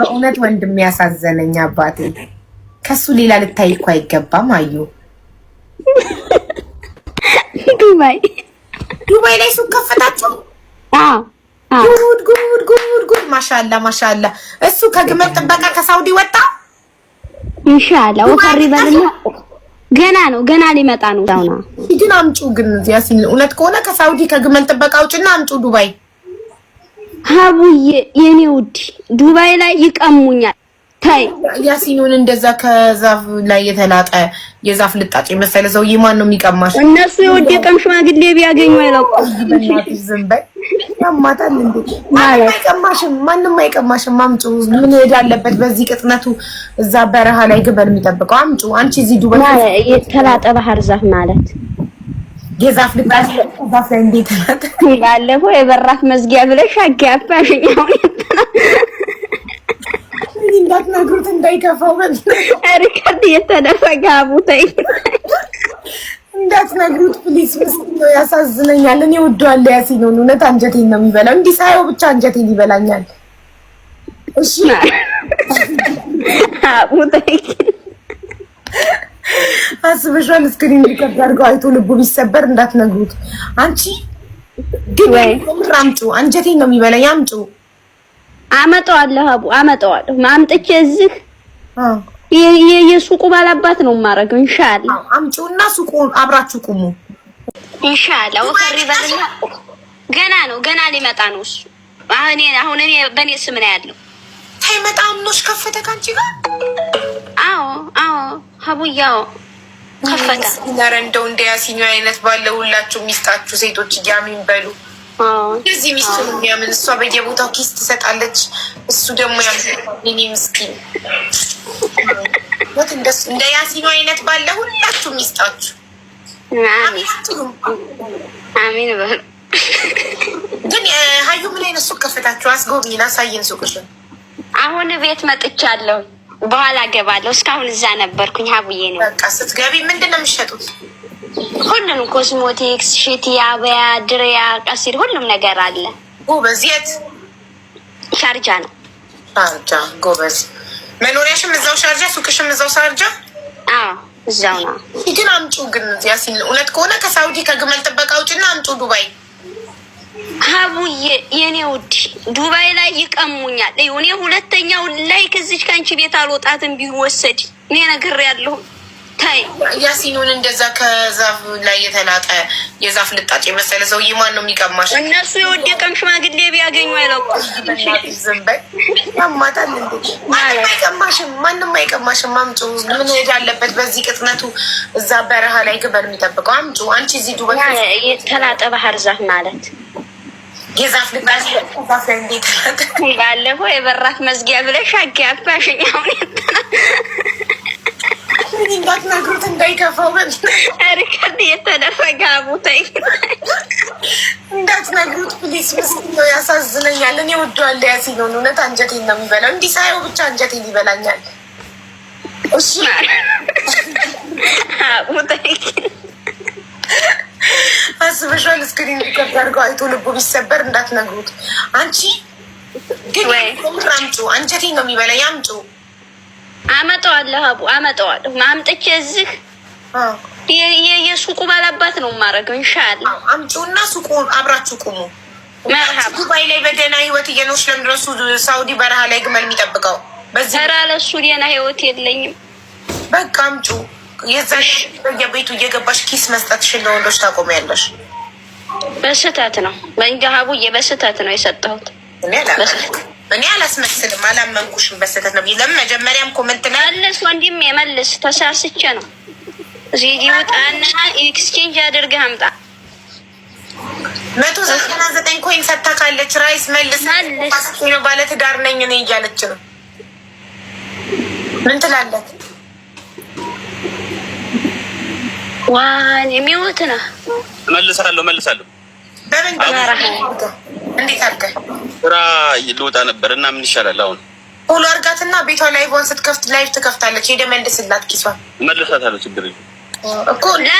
በእውነት ወንድም ያሳዘነኝ አባቴ። ከሱ ሌላ ልታይ እኮ አይገባም። አዩ ዱባይ ዱባይ ላይ ሱቅ ከፈታችሁ? ጉድ ጉድ ጉድ ጉድ! ማሻላ ማሻላ። እሱ ከግመል ጥበቃ ከሳውዲ ወጣ። ኢንሻአላ ወፈሪ በልና ገና ነው ገና ሊመጣ ነው። ዳውና ሂድን አምጪው። ግን ያሲን እውነት ከሆነ ከሳውዲ ከግመል ጥበቃ ውጭና አምጪው ዱባይ ሀቡዬ የኔ ውድ ዱባይ ላይ ይቀሙኛል። ታይ ያሲኑን እንደዛ ከዛፍ ላይ የተላጠ የዛፍ ልጣጭ መሰለ ሰውዬ ማን ነው የሚቀማሽ? እነሱ የወደቀም ሽማግሌ ቢያገኙ አይለቁ። ዝም በይ ያማታል እንዴ! አይቀማሽም፣ ማንም አይቀማሽም። አምጩ ምን ሄድ አለበት በዚህ ቅጥነቱ። እዛ በረሃ ላይ ግበል የሚጠብቀው አምጩ። አንቺ እዚህ ዱባይ የተላጠ ባህር ዛፍ ማለት ጌዛፍ ድጋፍ ዛፍ እንዴት ባለፈው የበራፍ መዝጊያ ብለሽ አጋባሽኝ። እንዳትነግሩት እንዳይከፋው ሪከርድ እየተደረገ አቡተይ እንዳትነግሩት ፕሊስ። ምስል ነው ያሳዝነኛል። እኔ ወደዋለሁ ነው እውነት አንጀቴን ነው የሚበላው። እንዲህ ሳየው ብቻ አንጀቴን ይበላኛል። እሺ አቡተይ አስበሻል። እስክሪን ሪከርድ አድርገው አይቶ ልቡ ቢሰበር እንዳትነግሩት። አንቺ ግን አምጩ፣ አንጀቴን ነው የሚበላኝ። አምጩ። አመጣዋለሁ፣ አቡ አመጣዋለሁ። አምጥቼ እዚህ የሱቁ ባላባት ነው የማደርገው። ኢንሻአላ አምጩ ሱቁ አብራችሁ ቁሙ። ኢንሻአላ ወከሪ በልና ገና ነው ገና ሊመጣ ነው እሱ። አሁን እኔ በእኔ ስም ነው ያለው። ታይመጣ ምኖሽ ከፈተ ካንቺ ጋር ሀቡያው ከፈተሲነር እንደው እንደ ያሲኒ አይነት ባለ ሁላችሁ ሚስጣችሁ ሴቶች እያሚን በሉ። እዚህ ሚስቱ የሚያምን እሷ በየቦታው ኪስ ትሰጣለች፣ እሱ ደግሞ ያኔ ምስኪን እንደ ያሲኒ አይነት ባለ ሁላችሁ ሚስጣችሁ። አሚን በሉ። ግን ሀዩ ምን አይነት ሱቅ ከፈታችሁ? አስጎብኝን፣ አሳየን ሱቅሽን። አሁን ቤት መጥቻለሁ። በኋላ ገባለሁ። እስካሁን እዛ ነበርኩኝ። ሀቡዬ ነው በቃ። ስትገቢ ምንድን ነው የሚሸጡት? ሁሉም ኮስሞቲክስ፣ ሽቲ፣ አበያ፣ ድሪያ፣ ቀሲድ ሁሉም ነገር አለ። ጎበዝ። የት? ሻርጃ ነው። ሻርጃ ጎበዝ። መኖሪያሽም እዛው ሻርጃ፣ ሱቅሽም እዛው ሻርጃ? አዎ እዛው ነው። ግን አምጩ ግን እዚያ ሲል እውነት ከሆነ ከሳውዲ ከግመል ጥበቃ ውጭና አምጩ ዱባይ ሀቡዬ የኔ ውድ ዱባይ ላይ ይቀሙኛል። እኔ ሁለተኛው ላይ ከዚች ከአንቺ ቤት አልወጣትም ቢወሰድ እኔ ያለሁ ታይ ያሲኑን እንደዛ ከዛፍ ላይ የተላጠ የዛፍ ልጣጭ የመሰለ ሰውዬ ማን ነው የሚቀማሽ? እነሱ የወደቀም ሽማግሌ ቢያገኙ አይለቁም። ማንም አይቀማሽም፣ አምጩ ምን ሄድ አለበት በዚህ ቅጥነቱ። እዛ በረሃ ላይ ግበር የሚጠብቀው አምጩ። አንቺ እዚህ ዱበ የተላጠ ባህር ዛፍ ማለት የዛፍ ልባሽ ባለፈው የበራት መዝጊያ ብለሽ አጋባሽኝ። አሁን እንዳትነግሩት እንዳይከፋው ሪከርድ የተደረገ ቦታ እንዳትነግሩት ፕሊስ። ምስኪን ነው፣ ያሳዝነኛል። እኔ ወደዋለሁ ያሲሆን እውነት አንጀቴን ነው የሚበላው። እንዲህ ሳየው ብቻ አንጀቴን ይበላኛል። እሱ አስበሻል? እስክሪን ሪከርድ አድርገው አይቶ ልቡ ቢሰበር እንዳትነግሩት። አንቺ ግን አምጩ፣ አንጀቴን ነው የሚበላኝ። አምጩ። አመጣዋለሁ፣ አቡ አመጣዋለሁ። አምጥቼ እዚህ የሱቁ ባላባት ነው እንሻል እንሻለ እና ሱቁ አብራችሁ ቁሙ። ዱባይ ላይ በደህና ህይወት እየኖች ለምድረሱ ሳውዲ በረሃ ላይ ግመል የሚጠብቀው በዚህ ተራ ለሱ ደህና ህይወት የለኝም። በቃ አምጩ የዛ የቤቱ እየገባሽ ኪስ መስጠትሽን ለወንዶች ታቆሚያለሽ። በስህተት ነው በእንጃ ሀቡዬ፣ በስህተት ነው የሰጠሁት። እኔ አላስመስልም፣ አላመንኩሽም። በስህተት ነው ለምን መጀመሪያም ኮመንት መልስ፣ ተሳስቼ ነው ውጣና ኤክስቼንጅ አድርገህ አምጣ። መቶ ዘጠና ዘጠኝ ኮይን ሰታ ካለች ራይስ መልስ ነው። ባለትዳር ነኝ እኔ እያለች ነው። ምን ትላለት? ዋን የሚሞት ነው። መልሳለሁ መልሳለሁ። እንዴት አድርገህ ስራ ልወጣ ነበር እና ምን ይሻላል አሁን? ሁሉ እርጋትና ቤቷ ላይቭን ስትከፍት ላይቭ ትከፍታለች። ሄደ መልስላት። ኪሷ እመልሳታለሁ። ችግር እኮ ላ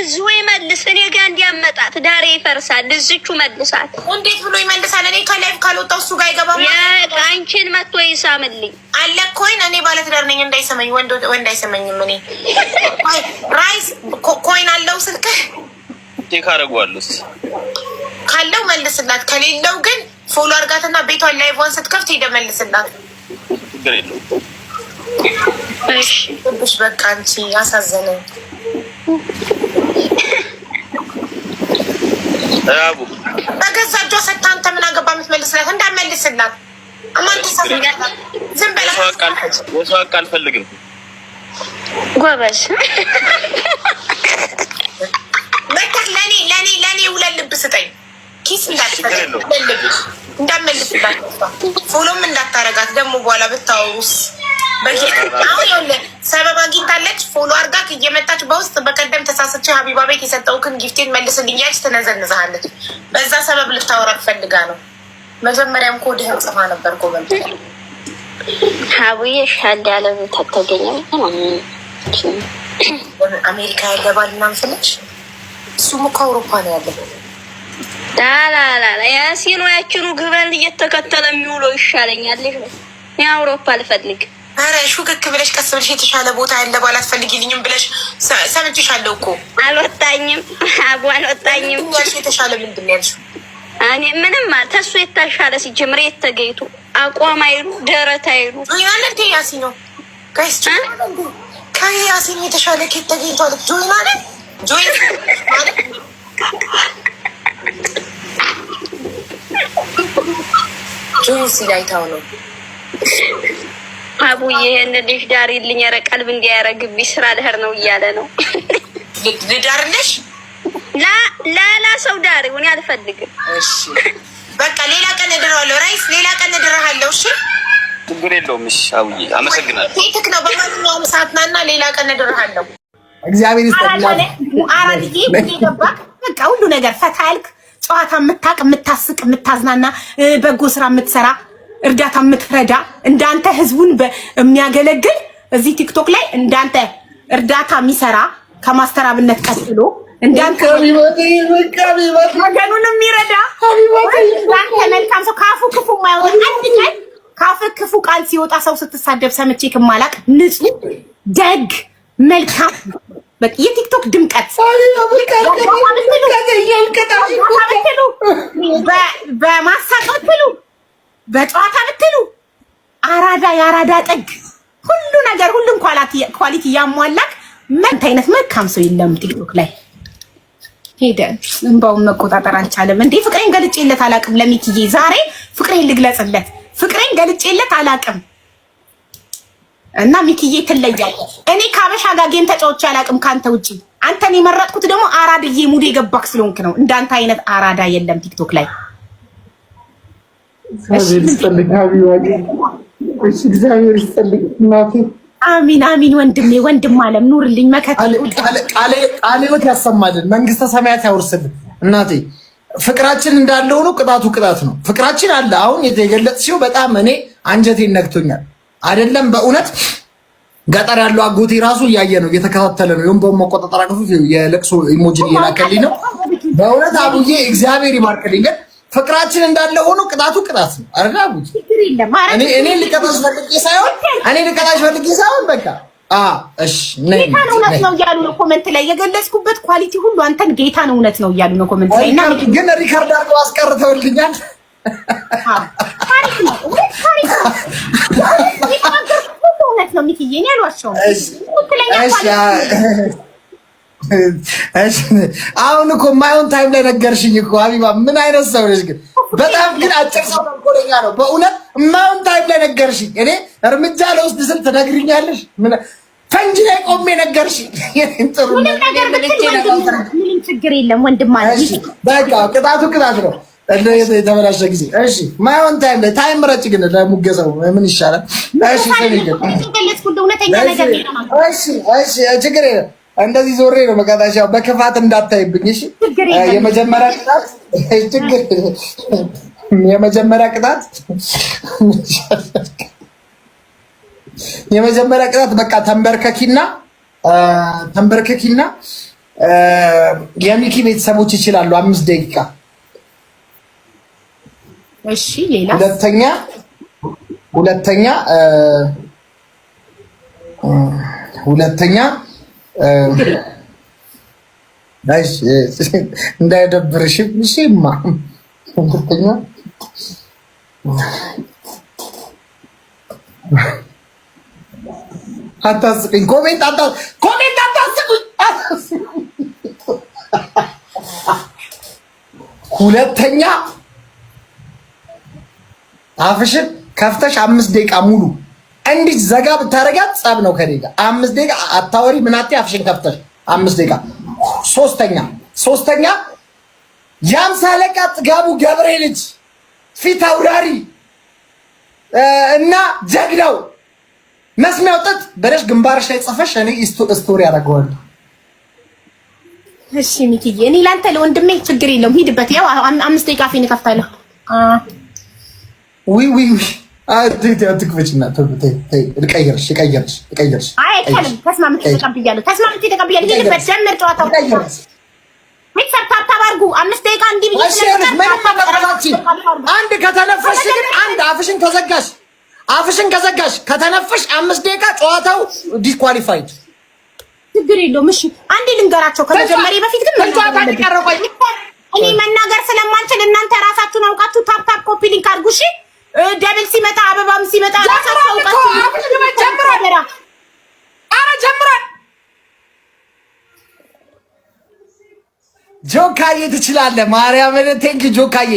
እዚሁ ይመልስ። እኔ ጋ እንዲያመጣት ዳሬ ይፈርሳል። እዚቹ መልሳት። እንዴት ብሎ ይመልሳል? እኔ ከላይፍ ካልወጣው እሱ ጋር አይገባም። አንቺን መጥቶ ይሳምልኝ አለ እኮ ኮይን። እኔ ባለትዳር ነኝ እንዳይሰማኝ፣ ወንድ አይሰማኝም። እኔ ራይስ ኮይን አለው ስልክ ካረጓሉስ ካለው መልስላት፣ ከሌለው ግን ፎሎ አርጋትና ቤቷን ላይቭን ስትከፍት ሄደ መልስላት። ችግር የለውም። እሺ በቃ አንቺ አሳዘነኝ። በገዛ እጇ ሰታ አንተ ምን አገባ የምትመልስላት እንዳትመልስላት ዝም በላት። አልፈልግም ጎበዝ መታት ለእኔ ለእኔ ለእኔ ውለህ ልብ ስጠኝ ኪስ እንዳትፈልግ እንዳትመልስላት ፎሎም እንዳታረጋት ደግሞ በኋላ ብታወሩስ ሰበብ አግኝታለች። ፎሎ አርጋ እየመጣች በውስጥ በቀደም ተሳስቼ ሀቢባ ቤት የሰጠውክን ጊፍቴን መልስልኝ እያለች ትነዘንዝሃለች። በዛ ሰበብ ልታወራክ ፈልጋ ነው። መጀመሪያም ኮድህን ጽፋ ነበር ሀቡዬ አሜሪካ ያለ ባል ምናምን ፍለች እሱም እኮ አውሮፓ ነው ያለው። ያሲኖ ያችኑ ግበን እየተከተለ የሚውለው ይሻለኛል። ይህ አውሮፓ አልፈልግም። ኧረ ሹክክ ብለሽ ቀስ ብለሽ የተሻለ ቦታ ያለ ባል አትፈልጊልኝም ብለሽ ሰምቼሻለሁ እኮ አልወጣኝም። አቡ አልወጣኝም ያልሽ የተሻለ ምንድን ነው ያልሽው? እኔ ምንም ተሱ የተሻለ ሲጀምር የተገይቱ አቋም አይሉ ደረት አይሉ ጆይናለት ያሲ ነው ጋይስ ከያሲ ነው የተሻለ ኬት ተገኝቷል። ጆይናለት ጆይና ጆይን ሲላይታው ነው ሀቡ ይህን ልጅ ዳሪልኝ፣ ኧረ ቀልብ እንዲያረግብኝ ስራ ልሄድ ነው እያለ ነው። ልዳርልሽ? ላላ ሰው ዳሪ እኔ አልፈልግም። በቃ ሌላ ቀን እድረዋለሁ። ራይስ ሌላ ቀን እድረሃለሁ። እሺ ችግር የለውም። እሺ አቡዬ አመሰግናለሁ። ቴክክ ነው። በማንኛውም ሰዓት ናና ሌላ ቀን እድረሃለሁ። እግዚአብሔር ይስጥልኝ። አራት ጊዜ ገባ። በቃ ሁሉ ነገር ፈታ ያልክ ጨዋታ የምታቅ የምታስቅ፣ የምታዝናና በጎ ስራ የምትሰራ እርዳታ የምትረዳ እንዳንተ ህዝቡን የሚያገለግል እዚህ ቲክቶክ ላይ እንዳንተ እርዳታ የሚሰራ ከማስተራብነት ቀጥሎ እንዳንተ ወገኑን የሚረዳ መልካም ሰው ከአፉ ክፉ የማይወጣ ከአፍ ክፉ ቃል ሲወጣ ሰው ስትሳደብ ሰምቼ ክማላቅ ንጹህ ደግ መልካም በቃ የቲክቶክ ድምቀት በማሳቀት ብሉ በጨዋታ ብትሉ አራዳ የአራዳ ጥግ ሁሉ ነገር ሁሉም ኳሊቲ ያሟላክ መንት አይነት መልካም ሰው የለም። ቲክቶክ ላይ ሄደ እንባውን መቆጣጠር አልቻለም። እንዴ ፍቅሬን ገልጬለት አላቅም። ለሚኪዬ ዛሬ ፍቅሬን ልግለጽለት። ፍቅሬን ገልጬለት አላቅም እና ሚኪዬ ትለያለህ። እኔ ከአበሻ ጋር ጌም ተጫውቼ አላቅም ከአንተ ውጪ። አንተን የመረጥኩት ደግሞ አራድዬ ሙድ የገባክ ስለሆንክ ነው። እንዳንተ አይነት አራዳ የለም ቲክቶክ ላይ እግዚአብሔር ይስጥልኝ ሀቢባዬ። እሺ እግዚአብሔር ይስጥልኝ እናቴ። አሚን አሚን። ወንድሜ ወንድም አለም ኑርልኝ። መከቃሌዎት ያሰማልን፣ መንግስተ ሰማያት ያውርስልን እናቴ። ፍቅራችን እንዳለ ሆኖ ቅጣቱ ቅጣት ነው። ፍቅራችን አለ። አሁን የተገለጽሽው በጣም እኔ አንጀቴን ነክቶኛል። አይደለም በእውነት ገጠር ያለው አጎቴ ራሱ እያየ ነው እየተከታተለ ነው። ይሁን በመቆጣጠር አቅፍ የለቅሶ ኢሞጂን እየላከልኝ ነው። በእውነት አቡዬ እግዚአብሔር ይባርክልኝ ግን ፍቅራችን እንዳለ ሆኖ ቅጣቱ ቅጣት ነው። አረጋቡ እኔ እኔ ልቀጣሽ ፈልጌ ሳይሆን እኔ ልቀጣሽ ፈልጌ ሳይሆን በቃ ነኝ ጌታን እውነት ነው እያሉ ነው ኮመንት ላይ የገለጽኩበት ኳሊቲ ሁሉ አንተን ጌታን እውነት ነው እያሉ ነው ኮመንት ላይ እና ግን ሪከርድ አድርገው አስቀርተውልኛል። ታሪክ ነው ታሪክ ነው ሁሉ እውነት ነው ሚኪዬ፣ እኔ አልዋሸሁም። እሺ አሁን እኮ ማይሆን ታይም ላይ ነገርሽኝ እኮ ሀቢባ፣ ምን አይነት ሰው ነሽ ግን? በጣም ግን አጭር ሰው ተንኮለኛ ነው በእውነት። ማይሆን ታይም ላይ ነገርሽኝ። እኔ እርምጃ ለውስጥ ስል ትነግሪኛለሽ። ፈንጂ ላይ ቆሜ ነገርሽኝ። ምንም ነገር ብትል ችግር የለም ወንድም። በቃ ቅጣቱ ቅጣት ነው። የተበላሸ ጊዜ እሺ፣ ማይሆን ታይም ላይ ታይም ረጭ ግን ለሙገሰው ምን ይሻላል? እሺ፣ ችግር የለም እንደዚህ ዞሬ ነው መቀጣሽ። ያው በክፋት እንዳታይብኝ እሺ። የመጀመሪያ ቅጣት ችግር የመጀመሪያ ቅጣት የመጀመሪያ ቅጣት በቃ ተንበርከኪና ተንበርከኪና የሚኪ ቤተሰቦች ይችላሉ። አምስት ደቂቃ እሺ። ሌላ ሁለተኛ ሁለተኛ ሁለተኛ እንዳይደብርሽም እሺማ ንክትኛ አታስቅኝ። ኮሜንት ኮሜንት አታስቅኝ። ሁለተኛ አፍሽን ከፍተሽ አምስት ደቂቃ ሙሉ እንዲህ ዘጋ ብታደርጋት ጸብ ነው ከኔ አምስት ደቂቃ አታወሪ ምን አፍሽን ከፍተሽ አምስት ደቂቃ። ሶስተኛ ሶስተኛ የአምሳ አለቃ ጥጋቡ ገብሬ ልጅ ፊት አውራሪ እና ጀግናው መስሚያው ጥጥ በደሽ ግንባርሽ ላይ ጽፈሽ እኔ ስቶሪ አደርገዋለሁ። እሺ ሚኪዬ፣ እኔ ላንተ ለወንድሜ ችግር የለውም ሂድበት። ያው አምስት ደቂቃ ፊን ከፍታለሁ። ዊ ዊ ዊ አትክፈች እና ልቀይርሽ ልቀይርሽ ልቀይርሽ። አይ አይቻልም። ተስማምቼ ተቀብያለሁ። ተስማምቼ ተቀብያለሁ። ይሄንበት ጀምር። ጨዋታው ሚክሰር ታብታብ አድርጉ። አምስት ደቂቃ እንዲህ ብዬሽ አንድ ከተነፈሽ ግን አንድ አፍሽን ከዘጋሽ አፍሽን ከዘጋሽ ከተነፈሽ አምስት ደቂቃ ጨዋታው ዲስኳሊፋይድ። ችግር የለውም። እሺ አንዴ ልንገራቸው ከመጀመሪ በፊት ግን እኔ መናገር ስለማንችል እናንተ ራሳችሁን አውቃችሁ ታብታብ ኮፒ ሊንክ አድርጉ። እሺ ደብል ሲመጣ አበባም ሲመጣ ኧረ ጀምሯል። ጆካዬ ትችላለህ። ማርያምን ቴንኪ ጆካዬ